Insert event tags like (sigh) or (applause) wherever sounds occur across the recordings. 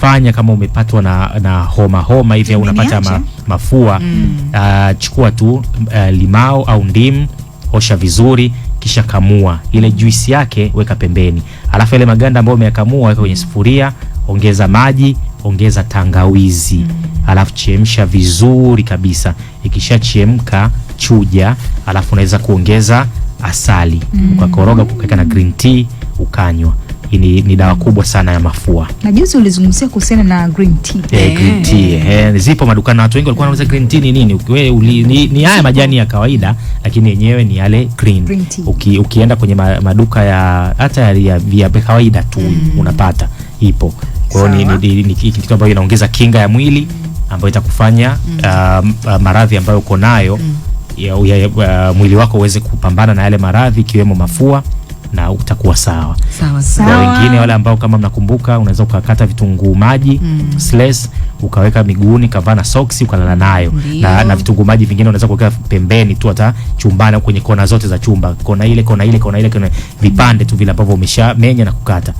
kufanya kama umepatwa na, na homa homa hivi au unapata ma, mafua mm. Uh, chukua tu uh, eh, limao au ndimu, osha vizuri, kisha kamua ile juisi yake, weka pembeni, alafu ile maganda ambayo umeyakamua weka kwenye sufuria, ongeza maji, ongeza tangawizi mm. Alafu chemsha vizuri kabisa, ikishachemka chuja, alafu unaweza kuongeza asali mm. Ukakoroga ukaweka na green tea ukanywa ni, ni dawa kubwa sana ya mafua. Na juzi ulizungumzia kuhusiana na green tea. Eh, green tea. Eh, eh. zipo madukani na watu wengi walikuwa wanauza green tea ni nini? Wewe ni, ni haya majani ya kawaida lakini yenyewe ni yale green. green Uki, ukienda kwenye maduka ya hata ya ya, ya kawaida tu mm. unapata ipo. Kwa hiyo ni, ni ni, ni, kitu ambacho inaongeza kinga ya mwili mm. ambayo itakufanya mm. Um, uh, maradhi ambayo uko nayo mm. ya, ya, ya, ya, uh, mwili wako uweze kupambana na yale maradhi ikiwemo mafua mm na utakuwa sawa sawa sawa. Na wengine wale ambao kama mnakumbuka, unaweza ukakata vitunguu maji mm. slice ukaweka miguuni, kavaa na socks ukalala nayo na, na vitunguu maji vingine unaweza kuweka pembeni tu, hata chumbani au kwenye kona zote za chumba, kona ile kona ile kona ile, kona vipande tu vile ambavyo umeshamenya na kukata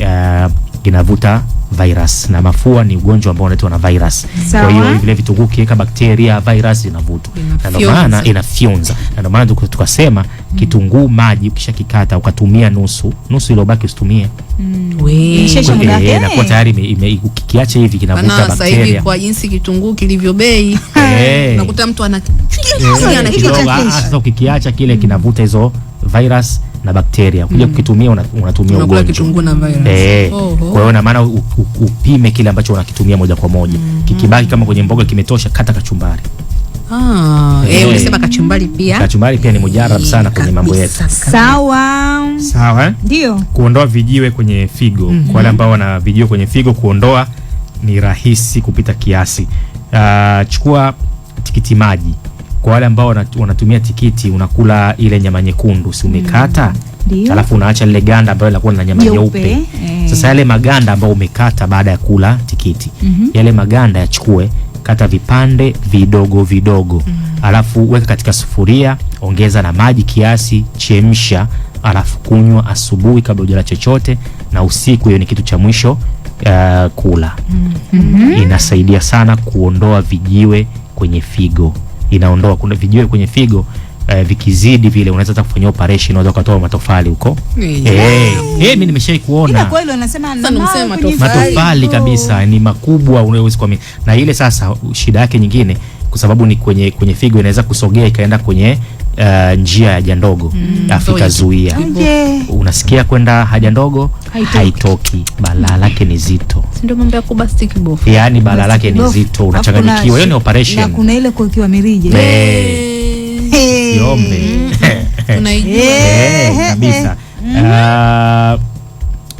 uh, inavuta virus, na mafua ni ugonjwa ambao unaletwa na virus. Kwa hiyo vile vitu ukiweka bakteria, virus inavutwa, na ndio maana inafyonza, na ndio maana tukasema mm. kitunguu maji ukishakikata ukatumia nusu nusu, iliyobaki usitumie mm. eh, inakuwa tayari, ukikiacha hivi kinavuta bakteria. Kwa jinsi kitunguu kilivyo bei, (laughs) eh. unakuta mtu ana eh. yaani ah, ah, ukikiacha kile kinavuta hizo virus na bakteria ukija mm. kukitumia unatumia una ugonjwa eh. oh, oh. Kwa hiyo na maana upime kile ambacho unakitumia moja kwa moja mm. kikibaki kama kwenye mboga kimetosha, kata kachumbari. Ah, eh, eh. ulisema kachumbari pia. Kachumbari pia ni mujarab eh, sana kwenye mambo yetu. Sawa. Sawa. Eh? Ndio. Kuondoa vijiwe kwenye figo mm -hmm. Kwa wale ambao wana vijiwe kwenye figo kuondoa ni rahisi kupita kiasi. Uh, chukua tikiti maji kwa wale ambao wanatumia tikiti, unakula ile nyama nyekundu, si umekata mm. alafu unaacha lile ganda ambalo linakuwa na nyama nyeupe. Eh. Sasa yale maganda ambayo umekata baada ya kula tikiti mm -hmm. yale maganda yachukue, kata vipande vidogo vidogo mm -hmm. alafu weka katika sufuria, ongeza na maji kiasi, chemsha, alafu kunywa asubuhi kabla hujala chochote na usiku. Hiyo ni kitu cha mwisho. Uh, kula mm -hmm. Inasaidia sana kuondoa vijiwe kwenye figo inaondoa. Kuna vijiwe kwenye figo eh, vikizidi vile unaweza hata kufanyia operation, unaweza kutoa matofali huko eh, eh mimi nimeshai kuona matofali kabisa ni makubwa, unaweza kwa na ile. Sasa shida yake nyingine, kwa sababu ni kwenye kwenye figo, inaweza kusogea ikaenda kwenye uh, njia ya haja ndogo mm. Afrika zuia, unasikia kwenda haja ndogo haitoki, balaa lake ni zito, ndio mambo ya kuba stick yani yaani balaa lake ni zito, unachanganyikiwa. Hiyo ni operation na kuna ile kukiwa mirije yombe, mm. unaijua (laughs) kabisa. Mm-hmm. Uh,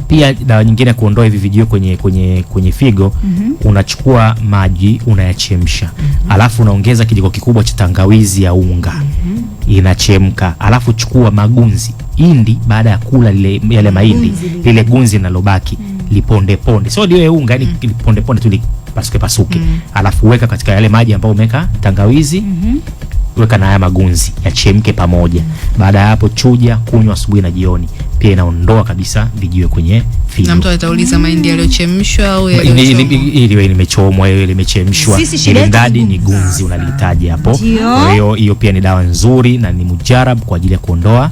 pia dawa nyingine ya kuondoa hivi vijio kwenye, kwenye, kwenye figo mm -hmm. unachukua maji unayachemsha mm -hmm. alafu unaongeza kijiko kikubwa cha tangawizi ya unga mm -hmm. inachemka, alafu chukua magunzi indi baada ya kula lile, yale mahindi lile gunzi linalobaki mm -hmm. liponde ponde, sio liwe unga yani mm -hmm. liponde ponde tu lipasuke pasuke mm -hmm. alafu weka katika yale maji ambayo umeweka tangawizi mm -hmm weka na haya magunzi yachemke pamoja. Baada ya hapo, chuja, kunywa asubuhi na jioni. Pia inaondoa kabisa vijiwe kwenye figo. Na mtu atauliza mahindi yaliyochemshwa au ile limechomwa ile limechemshwa, ile ndadi ni gunzi unalihitaji hapo. Kwa hiyo hiyo pia ni dawa nzuri na ni mujarab kwa ajili ya kuondoa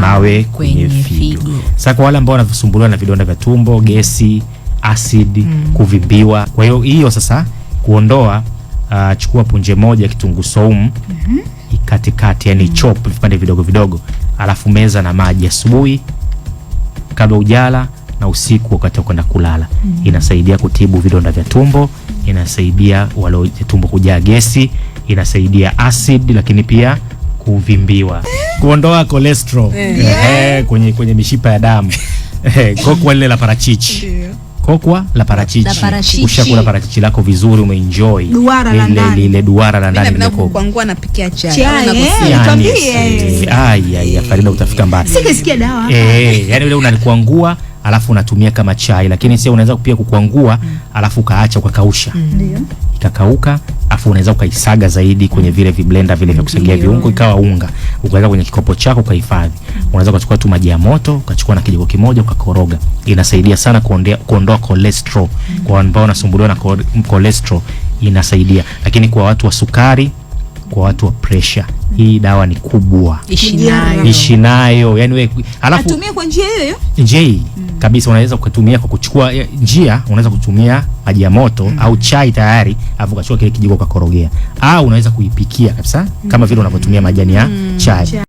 mawe kwenye figo. Sasa kwa wale ambao wanasumbuliwa na vidonda vya tumbo, gesi, asidi, mm, kuvimbiwa, kwa hiyo hiyo sasa kuondoa uh, chukua punje moja kitungu saumu mm -hmm. ikatikati, yani mm -hmm. chop vipande vidogo vidogo, alafu meza na maji asubuhi kabla ujala na usiku wakati kwenda kulala mm -hmm. inasaidia kutibu vidonda vya tumbo, inasaidia wale tumbo kujaa gesi, inasaidia acid, lakini pia kuvimbiwa, kuondoa cholesterol yeah. kwenye, kwenye mishipa ya damu (laughs) eh, kwa kwa lile la parachichi kokwa la parachichi, parachichi. Ushakula parachichi lako vizuri, umeenjoy duara la ile duara la ndani lako kwa ngua napikia chai tuambie. Eh, yaani, ai ai, Farida utafika mbali, sikisikia dawa eh, eh yani ile unalikwangua alafu unatumia kama chai, lakini sasa unaweza pia kukwangua mm. alafu kaacha ukakausha, ndio ikakauka, afu unaweza ukaisaga zaidi kwenye vile viblenda vile vya kusagia viungo ikawa unga, ukaweka kwenye kikopo chako ukahifadhi. Mm-hmm. Unaweza ukachukua tu maji ya moto ukachukua na kijiko kimoja ukakoroga. Inasaidia sana kuondea, kuondoa cholesterol mm-hmm. kwa ambao wanasumbuliwa na cholesterol, inasaidia. Lakini kwa watu wa sukari, kwa watu wa pressure mm-hmm. hii dawa ni kubwa, ishi nayo, Yani we alafu atumie kwa njia hiyo hiyo, njia hii mm kabisa unaweza kutumia kwa kuchukua eh, njia, unaweza kutumia maji ya moto mm. au chai tayari, afu kachukua kile kijiko ukakorogea, au unaweza kuipikia kabisa kama vile unavyotumia majani ya mm. chai.